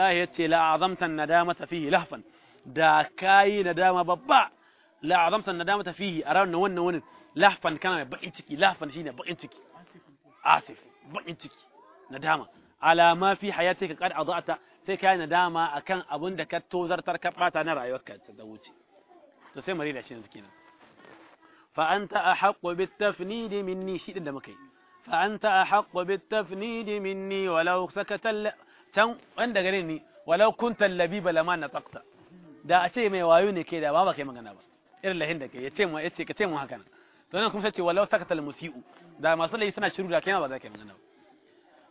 الله يتي لا عظمت الندامة فيه لهفا دا كاي ندامة ببا لا عظمت الندامة فيه أرون نون نون لهفا كان بقنتك لهفا شينا بقنتك آسف بقنتك ندامة على ما في حياتك قد أضعت سي كاي ندامة أكان أبون دا كتوزر تركبات نرى يوكا تدوتي تسي مريد عشان زكينا فأنت أحق بالتفنيد مني شيء دمكي فأنت أحق بالتفنيد مني ولو سكت can wanda gare ni walau kunta labiba lama na tsakta da a ce mai wayo ne ke da ba ba kai magana ba irin lahin da kai ya ce mu ya ce ka ce mu haka to nan kuma sai walau sakata al musiu da masu laifi suna shiru da kai ba za ka magana ba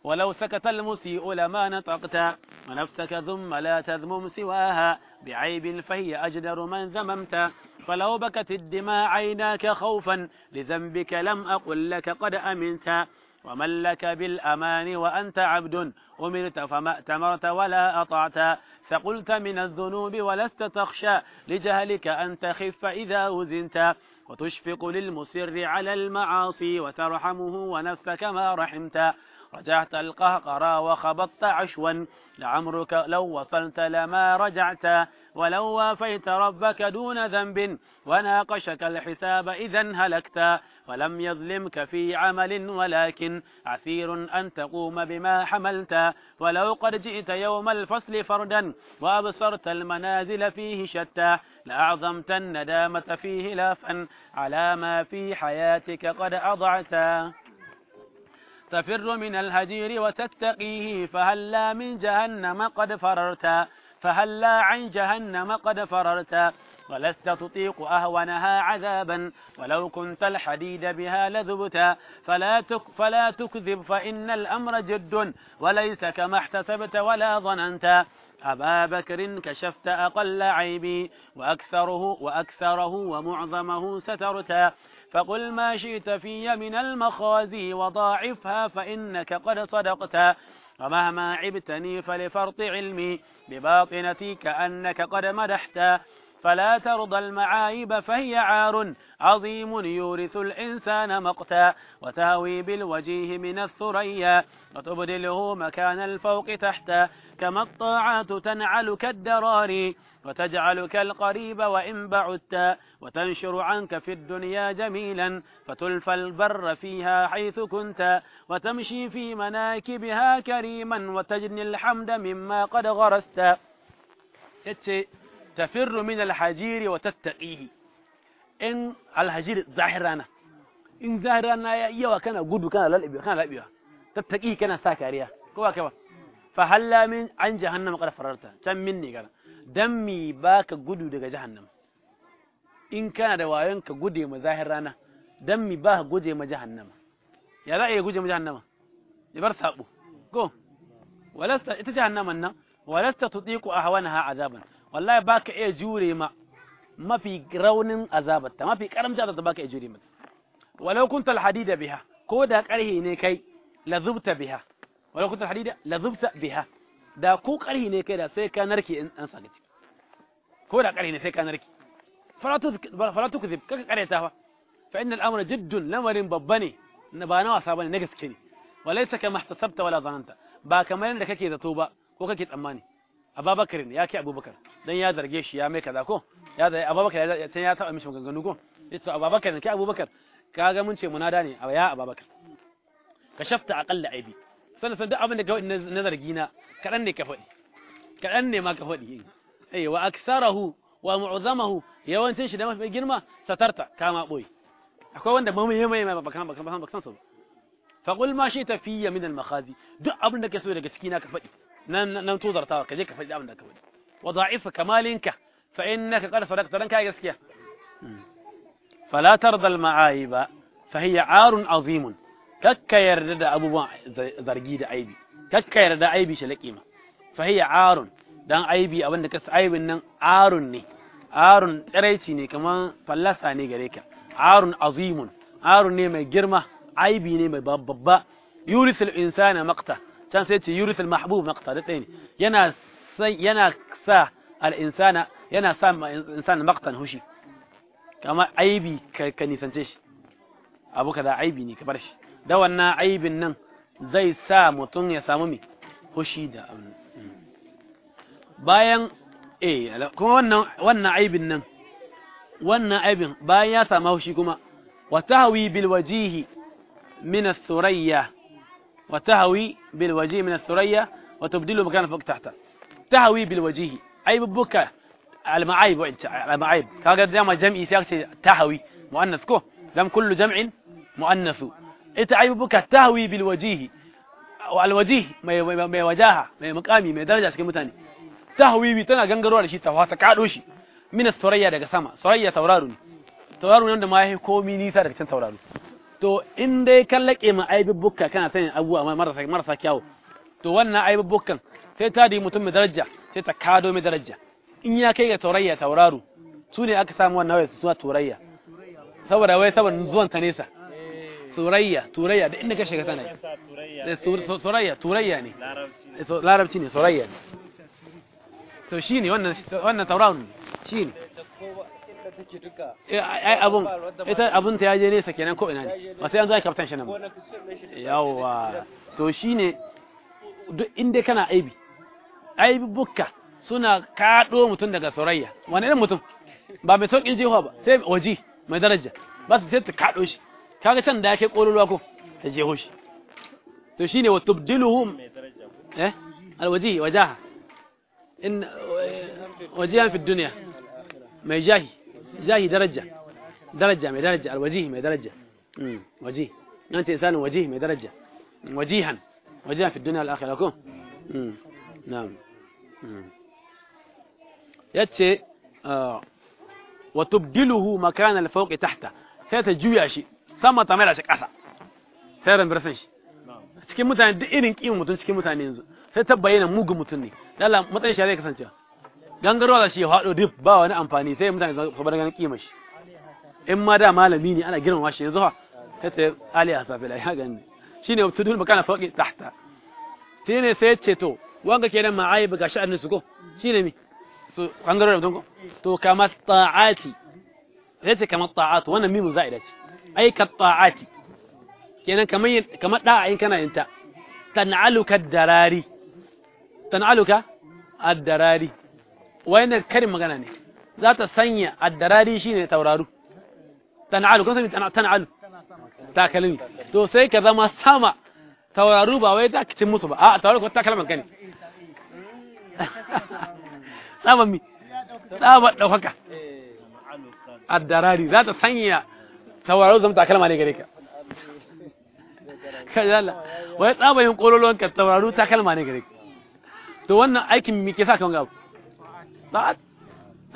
ولو سكت المسيء لما نطقت ونفسك ذم لا تذمم سواها بعيب فهي أجدر من ذممت فلو بكت الدماء عيناك خوفا لذنبك لم أقل لك قد أمنت ومن لك بالأمان وأنت عبد أمرت فما أتمرت ولا أطعت فقلت من الذنوب ولست تخشى لجهلك أن تخف إذا وزنت وتشفق للمسر على المعاصي وترحمه ونفسك ما رحمت رجعت القهقرى وخبطت عشوا لعمرك لو وصلت لما رجعت ولو وافيت ربك دون ذنب وناقشك الحساب إذا هلكت ولم يظلمك في عمل ولكن عسير أن تقوم بما حملت ولو قد جئت يوم الفصل فردا وأبصرت المنازل فيه شتى لأعظمت الندامة فيه لافا على ما في حياتك قد أضعتا تفر من الهجير وتتقيه فهلا من جهنم قد فررت فهلا عن جهنم قد فررت ولست تطيق أهونها عذابا ولو كنت الحديد بها لذبتا فلا, تك فلا تكذب فإن الأمر جد وليس كما احتسبت ولا ظننت أبا بكر كشفت أقل عيبي وأكثره وأكثره ومعظمه سترتا فقل ما شئت في من المخازي وضاعفها فإنك قد صدقت ومهما عبتني فلفرط علمي بباطنتي كأنك قد مدحتا فلا ترضى المعايب فهي عار عظيم يورث الإنسان مقتا وتهوي بالوجيه من الثريا وتبدله مكان الفوق تحتا كما الطاعات تنعل كالدراري وتجعلك القريب وإن بعدت وتنشر عنك في الدنيا جميلا فتلفى البر فيها حيث كنت وتمشي في مناكبها كريما وتجني الحمد مما قد غرست tafirru na alhajiri wa tattaqihi in alhajiri zahir rana in zahir rana ya yawa kana gudu kana lalabewa kana kana sa kariya ko ba kai ba fa halla min an jahannam qad fararta can min ne kana baka gudu daga jahannam in kana da wayon ka gude zahir rana dan mi ba jahannama ya a iya jahannama ya bar walasta azaban والله باك اجوري ما ما في غرون عذابته ما في كرم جاده باك اجوري ما ولو كنت الحديد بها كودا قريه ني كاي لذبت بها ولو كنت الحديد لذبت بها دا كو قريه ني كاي دا سي كانركي ان سانك كودا قريه ني سي كانركي فلا فلا تكذب كك قريتها فان الامر جد لمر ببني نبانا وصابني نغسكني وليس كما احتسبت ولا ظننت با كما انك كيتو با اماني Ababakar Abubakar ya kai Abubakar dan ya zarge shi ya mai kaza ko ya zarge Ababakar ya ya taba mishi maganganu ko to Abubakar kai Abubakar ka ga mun ce munada ne ya Abubakar kashafta aqalla aibi sannan san duk abin da ka faɗi na zargi na kaɗan ne ka faɗi kaɗan ne ma ka faɗi eh wa aksarahu wa mu'zamahu yawancin shi da mafi girma satarta kama boye akwai wanda ba mai mai ba kan ba kan ba kan so fa qul ma shi tafiya min al makhazi duk abin da ka so daga ciki na ka faɗi نمتوزر ننتظر تارك ذيك في الأمن وضعيف كمالك فإنك قد فرقت لنك أجلسك فلا ترضى المعايب فهي عار عظيم كك يرد أبو ذرجيد عيبي كك يرد عيبي شلك إما فهي عار دان عيبي أبن كس عيب إن عار ني عار تريتني كمان فلا ثاني عليك عار عظيم عار ني ما عيبي ني ما يورث الإنسان مقته can sai ce yurisul mahbub maqta da tsaye yana yana sa al-insana yana sa maqtan hushi kama aibi ka nisance shi abu kaza aibi ne ka bar shi da wannan aibin nan zai sa mutum ya samu mai hushi da bayan eh, kuma wannan wannan aibin nan wannan aibin bayan ya samu hushi kuma wa tahwi bil wajihi min as-surayya وتهوي بالوجيه من الثريا وتبدله مكان فوق تحته تهوي بالوجيه أي على ببكى على معايب كاجا دام جمع سياقش تهوي مؤنث كو دام كل جمع مؤنث إنت أي ببكى تهوي بالوجيه والوجيه ما ما وجاها ما مقامي ما درجة كم متاني تهوي بتنا جنجروا لشيء تهوى تكعدوشي من الثريا دقا سما ثريا تورارون تورارون nan da ma ya komi nisa daga can to in dai ka laƙe ma aibubbuka kana sanin abubuwa marasa marasa kyawu to wannan aibubbukan sai ta di mutum mai daraja sai ta kado mai daraja in ya kai ga taurayya tauraro su ne aka samu wannan wayar suna turayya saboda wai saboda zuwan ta nesa turayya turayya da inda ka shiga eh, ne, turayya turayya ne larabci ne turayya ne to shine wannan wannan tauraro ne shine Eh, ai abun ita abun ta yaje nesa kenan ko ina ne ba sai an zai kaftan shi nan ba yawa to shine duk inda kana aibi aibi bukka suna kaɗo mutum daga saurayya wani irin mutum ba mai sauƙin jehuwa ba sai waje mai daraja ba su sai ta kaɗo shi kaga can da ya kai ƙololuwa ko ta jeho shi to shine wa tubdiluhum eh alwaji wajaha in eh, wajihan fi dunya mai jahi زي درجة درجة ما درجة الوجيه ما درجة مم. وجيه أنت إنسان وجيه ما درجة وجيها وجيها في الدنيا والآخرة أكون مم. نعم يتشي آه. وتبدله مكان الفوق تحت ثلاثة جوياشي ثم تمر عشك أثا ثلاثة برفنش نعم. تكي متان دي إرنك إيمو متان تكي متان ينزو ثلاثة بينا موغ متني لا لا متان شاريك سنتيا gangarwa ga shi haɗo dip ba wani amfani sai mutane su bar ganin kima shi in ma da malami ne ana girmama shi yanzu ha ta ta ali asafila ya gani shine tudul makana fawqi tahta shine sai ce to wanga kenan ma'aib ga sha'anin su ko shine mi to gangarwa da ko to kama ta'ati yace kama ta'at wannan mimu za'ida ce ai ka ta'ati kenan kamar kamar da'a in kana yin ta tan'aluka darari tan'aluka ad-darari wannan karin magana ne za ta sanya addarari shine tauraro tan'alu kun sani tan'alu takalmi to sai ka zama sama tauraro ba wai za ka cin musu ba a tauraro ko takalman ka ne sama mi sama ɗaukaka addarari za ta sanya tauraro zama takalma ne gare ka kajala wai tsabayin kololon ka tauraro takalma ne gare ka to wannan aikin me ke sa kan gabu بعد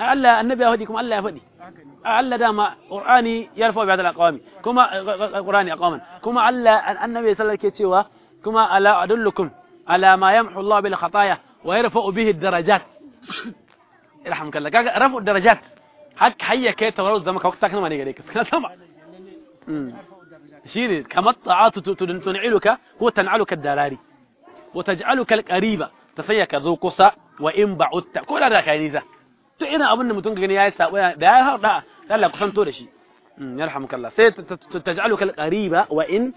ألا النبي أهديكم ألا يفدي ألا دام قرآني يرفع بعد الأقوام كما قرآني أقواما كما ألا النبي صلى الله عليه وسلم كما ألا أدلكم على ما يمحو الله بالخطايا ويرفع به الدرجات يرحمك الله كاكا رفع الدرجات حق حيا كي تورو زمك وقتك ما نيجي كنا سمع شيري كما الطاعات تنعلك هو تنعلك الدراري وتجعلك القريبة تفيك ذو قصة وإن بعدت كل هذا كنيسة تأنا أبونا متونك جنيا يسوع ده هذا قال قسم تورشي يرحمك الله ستتجعلك قريبة وإن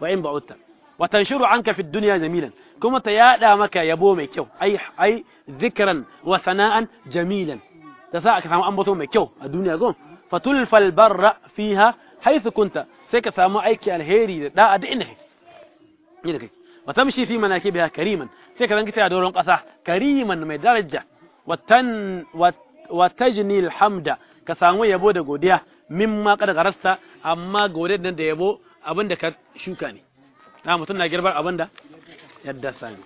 وإن بعدت وتنشر عنك في الدنيا جميلا كما تيا ده مك يا بو مكيو أي أي ذكرا وثناء جميلا تساك سام أم بتو مكيو الدنيا زوم فتلف البر فيها حيث كنت سك سام أيك الهيري ده أدينه يلا وتمشي في مناكبها كريما شكراً كتير يا دورون قصة كريماً من درجة وتن وتجني الحمد كسامو يبو ده مما قد غرست أما قودي دن ده يبو أبن ده كشوكاني نعم وطن نجربر أبن ده يدساني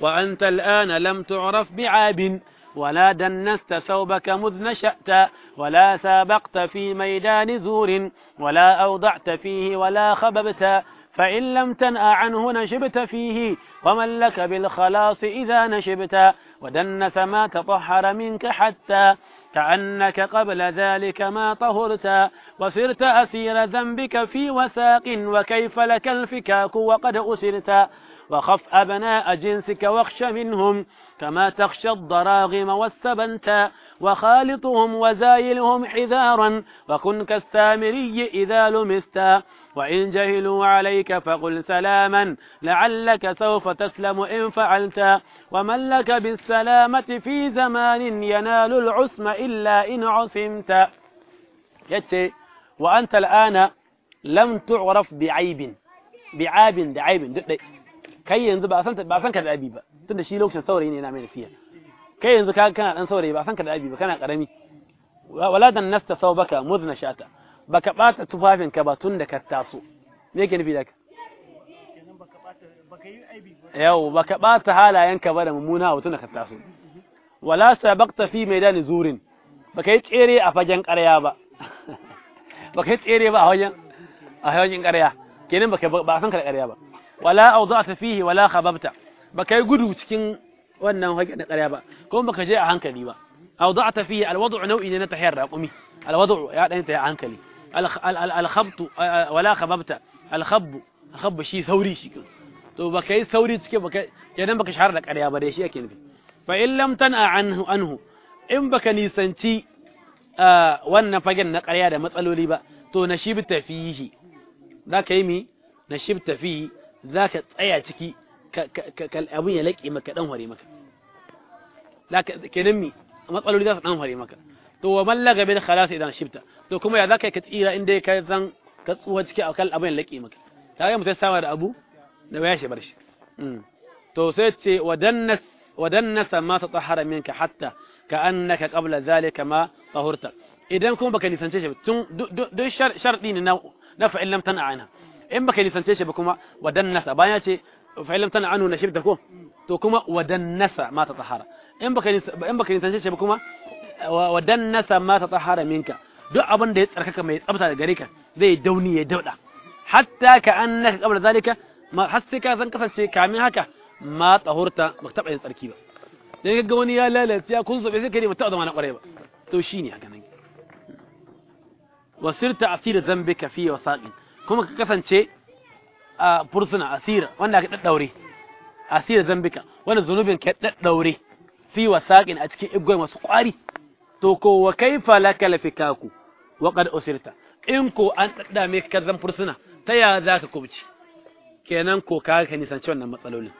وأنت الآن لم تعرف بعاب ولا دنست ثوبك مذ نشأت ولا سابقت في ميدان زور ولا أوضعت فيه ولا خببت فإن لم تنأ عنه نشبت فيه ومن لك بالخلاص إذا نشبت ودنس ما تطهر منك حتى كأنك قبل ذلك ما طهرت وصرت أسير ذنبك في وثاق وكيف لك الفكاك وقد أسرت وخف أبناء جنسك واخش منهم كما تخشى الضراغم والثبنتا وخالطهم وزايلهم حذارا وكن كالسامري إذا لمستا وإن جهلوا عليك فقل سلاما لعلك سوف تسلم إن فعلت ومن لك بالسلامة في زمان ينال العسم إلا إن عصمت يتي وأنت الآن لم تعرف بعيب بعاب بعيب كي duk dai kai yanzu ba san ba san فيها kai yanzu ka kana dan saurayi ba san ka da abi ba kana karami wala dan nasta saubaka muzna shata baka bata tufafin ka ba tun da ka taso me yake nufi da ka yau baka bata halayen ka ba da mummuna tun da ka taso wala sabaqta fi maidani zurin baka yi tsere a fagen ƙarya ba baka yi tsere ba a wajen a wajen ƙarya kenan baka ba san ka da ƙarya ba wala awda'ta fihi wala khababta baka yi gudu cikin wannan haƙƙi na ƙarya ba kuma baka je a hankali ba aw da'ata alwad'u nau'i ne na tahiyar raqumi alwad'u ya dan ta hankali alkhabtu wala khababta alkhabbu khabbu shi sauri shi to baka yi sauri cike baka kenan baka shahara da ƙarya ba dai shi yake nufi fa in lam tan'a anhu anhu in baka nisanci wannan fagen na ƙarya da matsaloli ba to nashib tafihi zaka yi mi nashib tafihi zaka tsaya ciki abin ya laƙe maka ɗan hore maka kenan mi matsaloli za su ɗan hore maka to wa mallaga bil khalas idan shibta to kuma ya zaka ka tsira inda ka zan ka tsuwa cikin akal abin ya laƙe maka ta ga mutum sama da abu da ya shi bar shi mm. to sai ce wadannas wadannas ma tatahara minka hatta ka annaka qabla zalika ma tahurta idan kuma baka nisance shi tun duk sharɗi ne na fa'in lam tan'a anha in baka nisance shi ba kuma wadannas bayan ya ce fa'ilam tana anu na ko to kuma wadannasa ma ta tahara in baka in baka nisance ba kuma wadannasa ma ta tahara minka duk abin da ya tsarkaka mai tsafta da gare ka zai dauni ya dauda hatta ka annaka qabla zalika ma ka kasance kamin haka ma tahurta baka taba yin tsarki ba dan ga wani ya lalace ya kunzo bai sai kai ba ta zama kware ba to shine haka nan wasirta asira dhanbika fi wasaqin kuma ka kasance a fursuna asira wanda aka daddaure asira zambika wanda zunubin ka daddaure fi wasaqin a cikin igwai masu kwari to ko wa kaifa laka lafikaku wa qad usirta in ko an daddame ka zan fursuna ta ya zaka kubci kenan ko ka ka nisanci wannan matsalolin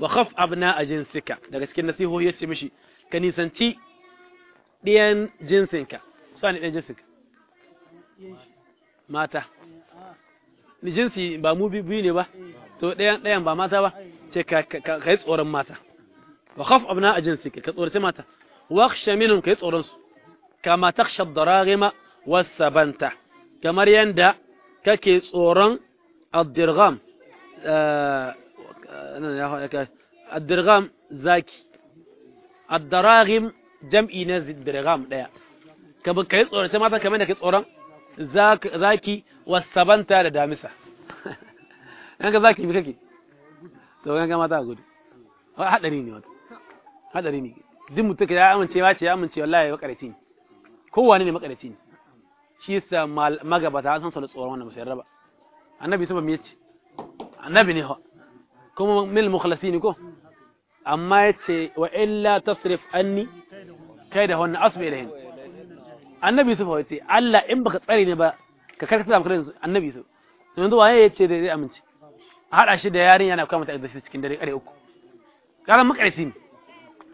wa khaf abna a daga cikin nasihohi yace mishi ka nisanci ɗiyan jinsinka su ne ɗiyan jinsinka mata ni jinsi ba mu biyu ne ba to ɗayan ɗayan ba mata ba ce ka yi tsoron mata wa khaf abna a jinsi ka tsorace mata wa khsha minhum ka yi tsoron su kama takhsha ad-daragima was-sabanta kamar yanda kake tsoron ad-dirgham eh, eh, ad-dirgham zaki ad-daragim jam'i na dirgham daya ka yi tsorace mata kamar da ka tsoron zaki wasabanta da damisa yanka zaki mi kake to yanka mata gudu Haɗari ne wata haɗari ne duk mutum ya amince ma ce ya amince wallahi ya makarici ne kowane ne makarici ne shi yasa magabata an san su tsoron wannan musayar raba annabi sama me yace annabi ne kuma mil ne ko amma yace wa illa tasrif anni kai da wannan asbi ilahin annabi Yusuf ya ce Allah in baka tsare ne ba ka karkata da makarin annabi Yusuf to yanzu waye ya ce da zai amince a haɗa shi da yarinya na kama ta da cikin dare ƙare uku karan makarfi ne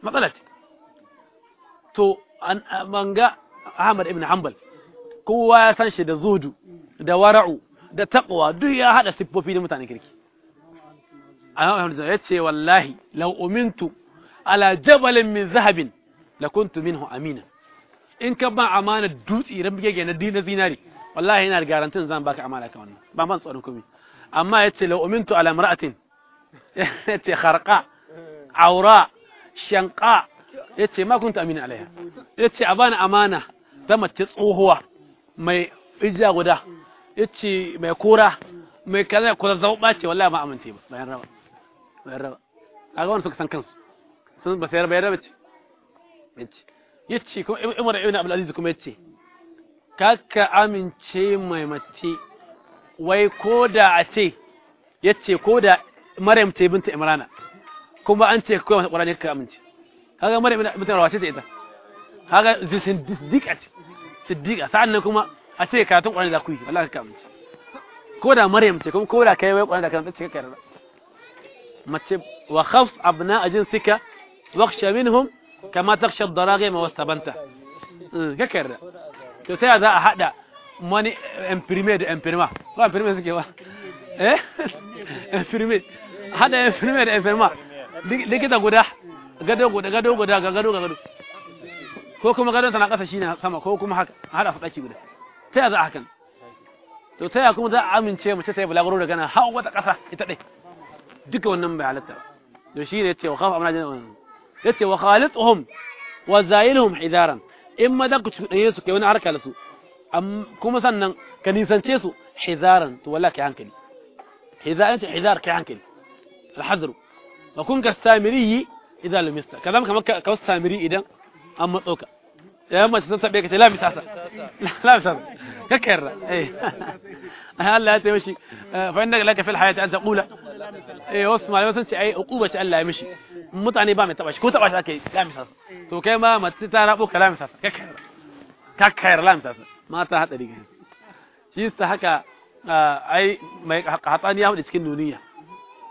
matsala ce to manga Ahmad ibn Hanbal kowa ya san shi da zudu da wara'u da taqwa duk ya haɗa siffofi na mutanen kirki ya ce wallahi lau umintu ala jabalin min zahabin la lakuntu minhu amina in ka ba amana dutse ran bige na dina zinari wallahi ina da garantin zan baka amana ka wannan ba man tsoron komai amma yace la umintu ala mar'atin yace kharqa awra shanqa yace ma kunta amina alaiha yace a bani amana ta mace tsohuwa mai ija guda yace mai kura mai kaza ko zauba ce wallahi ba amince ba bayan raba bayan raba a ga wani suka san kansu sun ba sai raba ya raba ce yace kuma Umar ibn Abdul Aziz kuma yace kaka amince mai mace wai koda a ce yace koda Maryam ce binta Imrana kuma an ce kuma masa Qur'ani ka amince kaga Maryam binta Imrana wace ce ita kaga siddiqa ce siddiqa sa'an nan kuma a ce karatun Qur'ani za ku yi wallahi ka amince koda Maryam ce kuma koda kai wai Qur'ani da karanta ce kai mace wa khaf abna ajin sika واخشى منهم كما taksha daragima ما tabanta ككر تسيا ذا أحدا za a haɗa wani امبريميد da وا ايه امبريميد suke امبريميد امبريما ليك haɗa imprime da imprima likita guda gado guda gado ga ko kuma gadon tana ƙasa shi ne sama ko kuma haka haɗa su guda ta za a hakan to ta kuma za a amince mace sai bulaguro da gana hawa wata ƙasa ita duka wannan bai halatta to ce wa amina yace wa khalituhum wa zailhum hidaran in ma da ku cuɗanye su kai wani harka da su kuma sannan ka nisance su hidaran to wallahi kai hankali hidaran ce hidar kai hankali alhadru wa kun ka samiri idan lumista ka zama kamar ka samiri idan an matso ka da yamma sun sabe ka ce la misasa la misasa ka kayarra eh Allah ya taimaki fa innaka laka fil hayati an taqula eh wasu malamai sun ce ai uquba ce Allah ya mishi mutane ba mai taba shi ko taba shi aka yi lamisa su to kai ma mace ta rabo ka lamisa su kakkayar kakkayar lamisa su mata hatsari gani shi ta haka ai mai hatsani ya mu cikin duniya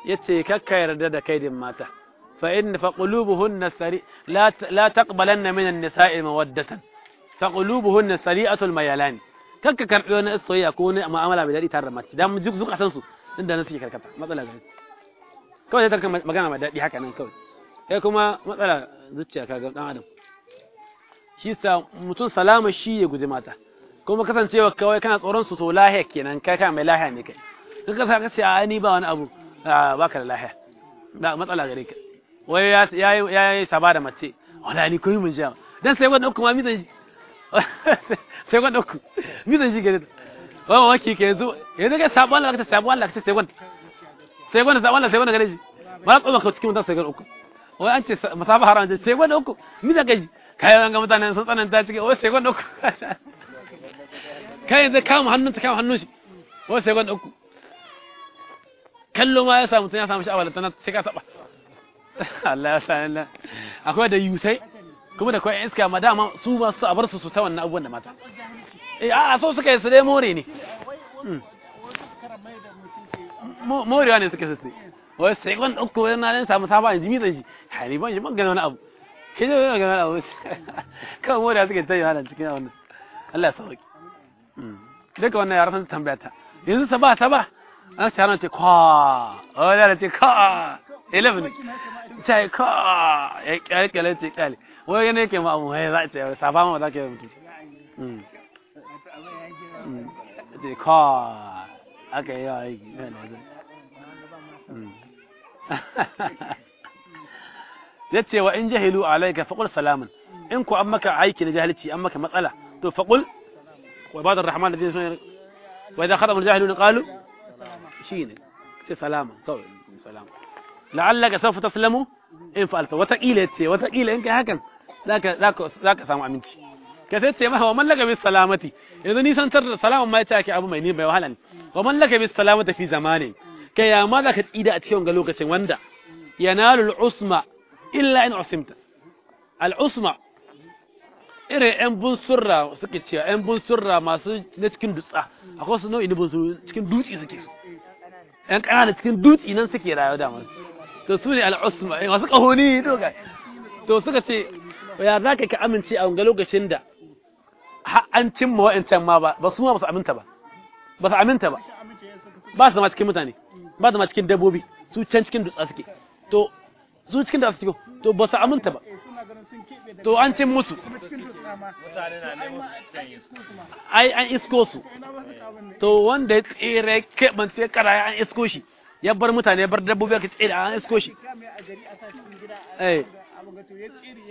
yace kakkayar da da din mata fa in fa qulubuhunna sari la la taqbalanna min an-nisa'i mawaddatan fa qulubuhunna sari'atul mayalan kakka karbi wani soyayya ko wani mu'amala bai dadi tare da mace dan san su inda nan suke karkata matsala gari kawai zai tarka magana mai daɗi haka nan kawai kai kuma matsala zuciya kaga dan adam shi sa mutum salama shi ya guje mata kuma kasancewa kawai kana tsoron su to lahiya kenan kai kana mai lahiya ne kai kaga sa ce a ni ba wani abu baka da lahiya da matsala gare ka wai ya ya yi saba da mace wala ni koyi mun ja dan sai wanda uku ma mizan shi sai wanda uku mizan shi gare wa wa waki ke yanzu yanzu kai sabon Allah ka ta sabon Allah ka ta sai wanda sai wanda sabon sai wanda gare shi ba ka tsoma ka cikin mutan sai gare uku wai an ce masafa haram ce sai gwada uku ni da gaji kayan ga mutanen sun tsananta cikin wai sai gwada uku kayan zai kama hannun ta kama hannun shi wai sai gwada uku kallo ma ya samu tun ya samu sha'awa da tana sai ka taba Allah ya sani Allah akwai da yusai kuma da kwai iska ma dama su ma su a bar su su ta wannan abubuwan da mata eh a'a so suka yi su dai more ne morewa ne suka sai wai sai kwan ɗauko wani na dan samu saba in ji mitsan shi hani ban shi ban gani wani abu shi ne wani gani wani abu kawai da suke ta hana cikin wannan Allah ya sauki duka wannan yaran sun tambaya ta yanzu saba saba an sai hana ce kwa da yaran ce kwa 11 ta yi kwa ya kyale kyale ta kyale wai yana yake ma abu ya za ta yi saba ma za ka yi mutum kwa aka yi يتي وإن جهلوا عليك فقل سلاما إنكو أمك عايك نجاهلتي أمك مطألة فقل وعباد الرحمن الذين يسون وإذا خطبوا الجاهلون قالوا شين سلاما طبعا سلاما لعلك سوف تسلم إن فألت وتقيل يتي وتقيل إنك هكا ذاك ذاك ذاك سامع منك كثرت ما هو من لك بالسلامتي إذا نيسان ترى سلام ما يتأكى أبو ميني بيوهلا ومن لك بالسلامة في زمانه kai ma za ka tsida a cikin wanga lokacin wanda yanalu al'usma illa in usimta al'usma irin yan surra suke cewa yan surra masu na cikin dutsa akwai su nau'i na bunsuru cikin dutsi suke su yan ƙanana cikin dutsi nan suke rayuwa dama to su ne al-usma eh, masu ƙahoni doga to suka ce ya za ka ka amince a wanga lokacin da an cimma wa'ancan ma ba su ma ba su aminta ba ba su aminta ba ba su ma cikin mutane ba zama cikin dabbobi su can cikin dutsa suke to su cikin da suke to ba su aminta ba to an cin musu ai an isko su to wanda ya tsere kara ya an isko shi ya bar mutane ya bar dabbobi aka tsere an isko shi eh,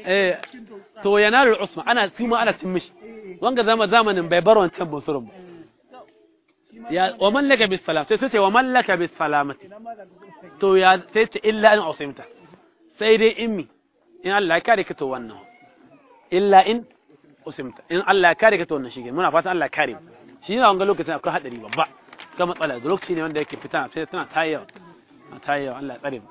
eh, to yana da usman ana su ma ana cin mishi wanga zama zamanin bai bar wancan musulun ba يا ومن لك بالسلامة تتي ومن لك بالسلامة تو يا تتي إلا أن عصمت سيدي إمي إن الله كارك تو إلا إن عصمت إن الله كارك تو شيء من أفضل الله كريم شيء أنا أقول لك تنا كل هذا اليوم بق كم طلع دلوك شيء من ذلك سيدي تنا تايا تايا الله كريم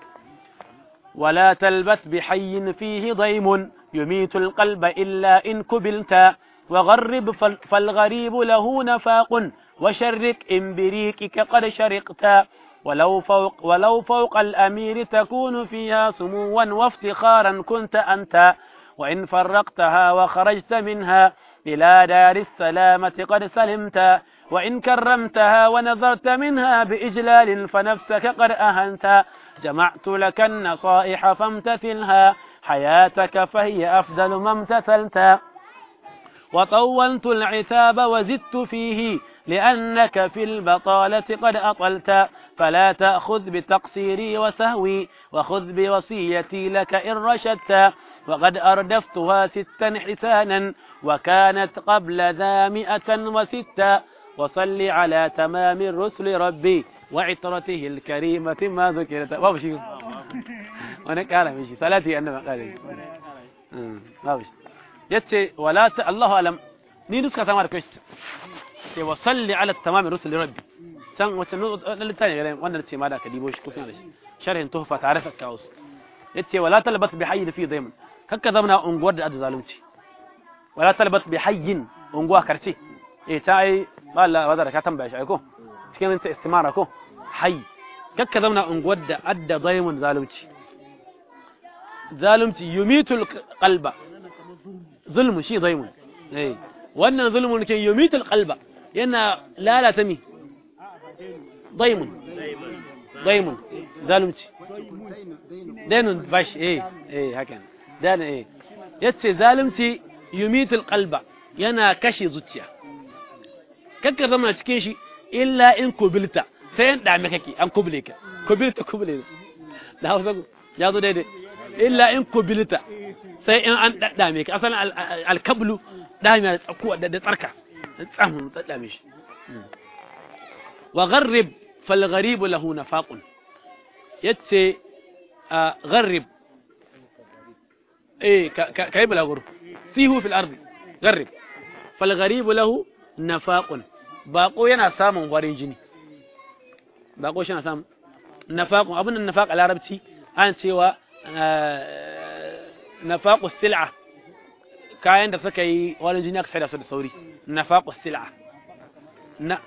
ولا تلبث بحي فيه ضيم يميت القلب إلا إن كبلت وغرب فالغريب له نفاق وشرك إمبريكك قد شرقت ولو فوق, ولو فوق الأمير تكون فيها سموا وافتخارا كنت أنت وإن فرقتها وخرجت منها إلى دار السلامة قد سلمت وإن كرمتها ونظرت منها بإجلال فنفسك قد أهنت جمعت لك النصائح فامتثلها حياتك فهي أفضل ما امتثلت وطولت العتاب وزدت فيه لأنك في البطالة قد أطلت فلا تأخذ بتقصيري وسهوي وخذ بوصيتي لك إن رشدت وقد أردفتها ستا حسانا وكانت قبل ذا مئة وستا وصل على تمام الرسل ربي وعطرته الكريمة ما ذكرت وابشي وانا كالا شيء صلاتي أنا ما قال ما آه، بشي yace wala ta Allahu alam ni nuska ta mara question ce wa salli ala tamami rusul rabbi can wace na littafi ne wannan ce ma da ka dibo shi ko kuma da shi sharhin tuhfa ta'rifa kaus yace wala talbat bi hayyin fi daymin kakka zamna unguwar da adda zalunci wala talbat bi hayyin unguwa karce eh ta ai malla bazara ka tambaya shi ai ko cikin ta istimara ko hayy kakka zamna unguwar da adda daymin zalunci zalunci yumitul qalba zulmu shi zaimun eh wannan zulmun ke yumitul yana lalata mi zaimun zaimun zalunci dainun bash eh eh haka dan eh yace zalunci yumitul yana kashe zuciya kakka zama cikin shi illa in kubilta sai yan dame an kubule ka kubilta kubule daidai illa in kubilta sai in an daddame ka asalin alkablu dame tsakuwa da tsarka tsamun daddame shi wa gharrib fal gharibu lahu nafaqun yace gharrib eh kai balagur sihu fil ardi gharrib fal gharibu lahu nafaqun bako yana samun warin jini bako shi na samun nafaqun abin nan nafaq a larabci an cewa nafaqu sil'a kayan da suka yi wani jini aka saida su da sauri nafaqu sil'a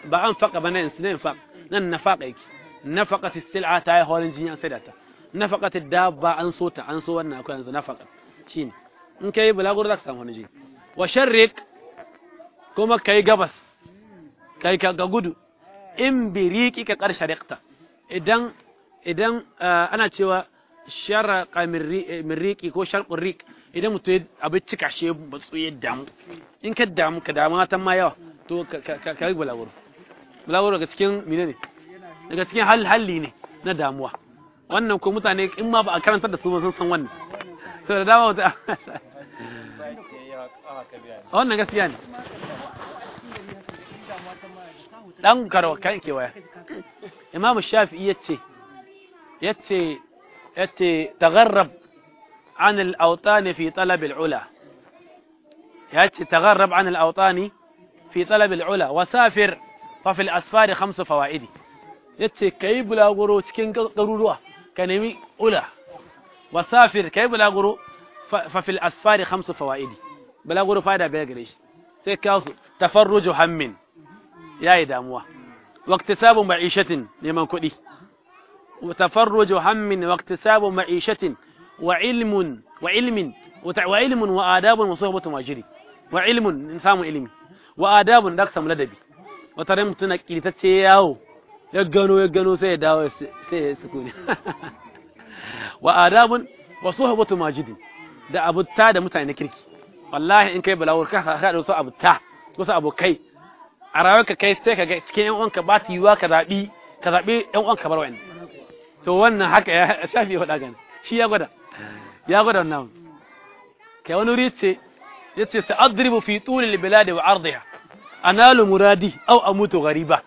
ba an faqa ba nan sunan faq nan nafaqa yake nafaqat sil'a ta yi wani jini an saida ta nafaqat dabba an so ta an so wannan akwai yanzu nafaqa shine in kai bulagur zaka samu wani jini wa sharrik kuma kai gabas kai ka gudu in biriki ka karshe idan idan ana cewa sharqa eh, min riqi ko sharqun riq idan mutum abin cika shi matsu ya damu in ka damu ka damu matan ma yawa to ka yi bulawuru bulawuru daga cikin mine ne daga cikin halli ne na damuwa wannan ko mutane in ma ba a karanta da su ba sun san wannan to da dama a wannan gaskiya ne dan karo kan kewaya imamu shafi'i yace yace التي تغرب عن الأوطان في طلب العلا يأتي تغرب عن الأوطان في طلب العلا وسافر ففي الأسفار خمس فوائد يأتي لا غرو تكين قروروا كنمي علا وسافر كيب لا غرو ففي الأسفار خمس فوائد بلا غرو فايدة بيقريش سيكاوس تفرج هم يا إداموا واكتساب معيشة لمن كدي وتفرج هم واكتساب معيشة وعلم وعلم وعلم وآداب وصحبة ماجري وعلم إنسان علمي وآداب داك لدبي وترى متنا كيتاتشي ياو يغنو يغنو سي داو وآداب وصحبة ماجري da abutta da mutane kirki wallahi in kai balawur ka haɗa wasu abutta wasu abokai a kai sai ka ga cikin yan uwanka ba ta yiwuwa ka zaɓi ka zaɓi to wannan haka ya shafi ya faɗa shi ya gwada ya gwada wannan kai wani wuri yace yace sa'adribu fi tulil biladi wa ardiha analu muradi aw amutu ghariba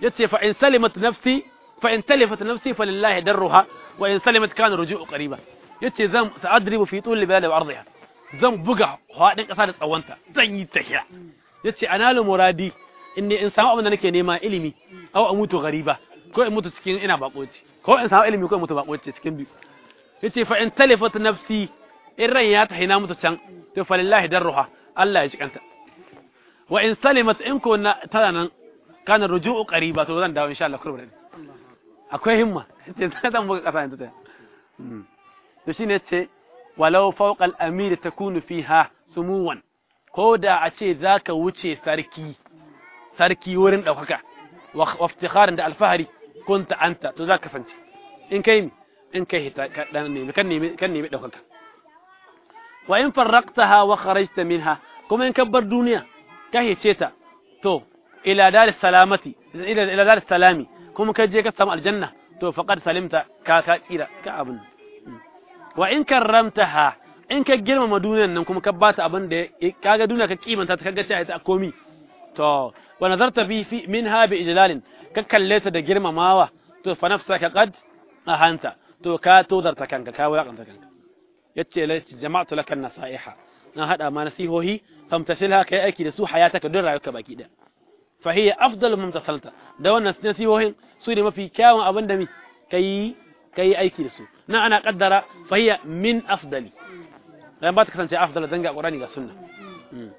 yace fa in salimat nafsi fa in talifat nafsi falillahi darruha wa in salimat kana ruju'u qariba yace zan sa'adribu fi tulil biladi wa ardiha zan buga hadin kasa da tsawanta zan yi tahiya yace analu muradi inni in samu abin da nake nema ilimi aw amutu ghariba ko in mutu cikin ina bakoci ko in samu ilimi ko in mutu bakoci cikin biyu yace fa in talifat nafsi in ran ya tahina mutu can to fa lillahi darruha Allah ya jikanta wa in salimat in ko na tana nan kana ruju'u qariba to zan dawo insha Allah kurbar akwai himma yace zan buga kasa ta hmm. to shine yace walau fawqa al-amir takunu fiha sumuwan ko da a ce zaka wuce sarki sarki wurin daukaka wa iftikharin da alfahari kunta anta to za ka kasance in kai in kai hita ka dan nemi kan nemi kan nemi daukaka wa in farraqtaha wa kharajta minha kuma in kabbar duniya ka hice ta to ila dar salamati ila dar salami kuma ka je ka samu aljanna to faqad salimta ka ka tsira ka abun wa in karramtaha in ka girmama duniyan nan kuma ka bata abin da kaga duniya ka kimanta ta kaga ta komi to wa nazarta bi fi minha bi ijlalin ka kalle ta da girmamawa to fa nafsaka qad ahanta to ka zarta kanka ka wayakanta kanka yace la jama'tu laka nasaiha na hada ma nasihohi famtasilha kai aiki da su hayataka don rayuwarka baki da, fa hiya afdalu mumtasalta da wannan nasihohin su ne mafi kyawun abin da mi kai kai aiki da su na ana kaddara fa hiya min afdali dan ba ta kasance afdal danga qur'ani ga sunna hmm.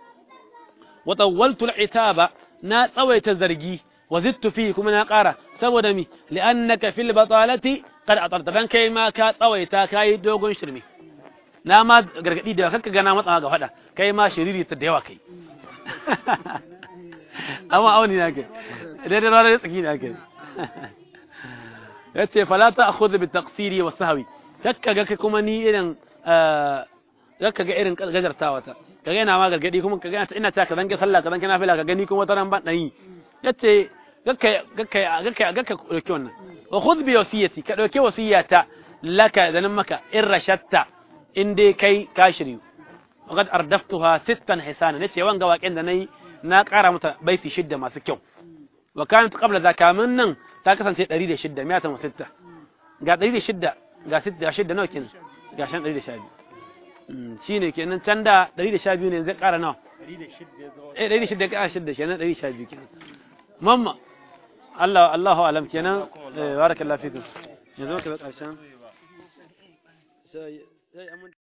wa tawwaltu al-itaba na tsawaita zargi wa zittu fi kuma na ƙara saboda mi li'annaka fil batalati qad atarta dan kai ma ka tsawaita kai dogon shirme na ma gargadi da kanka gana matsa ga fada kai ma shiriri ta da yawa kai amma auni na kai daidai ranar tsaki na kai bi kuma ni irin zaka ga irin gajartawa ta kaga yana ma gargadi kuma kaga ina ta ka sallah ka zange nafila gani kuma taran ban dani yace gakka gakka gakka gakka dauki wannan wa khudh bi wasiyati ka dauki wasiyata laka da nan maka in rashatta in dai kai ka shiryu وقد أردفتها ستا حسانا نتي وان قواك عندنا na ƙara mata baiti shidda masu kyau wa kanat qabla za kamin nan ta kasance 106 ga 106 ga 6 ga 6 nawa kenan ga 112 shine kenan can da 112 ne zai kara nawa 106 eh, ya ƙara 6 kenan 112 kenan mamma Allah Allahu alam kenan eh, barakallahu fikum yanzu ka ƙarshen sai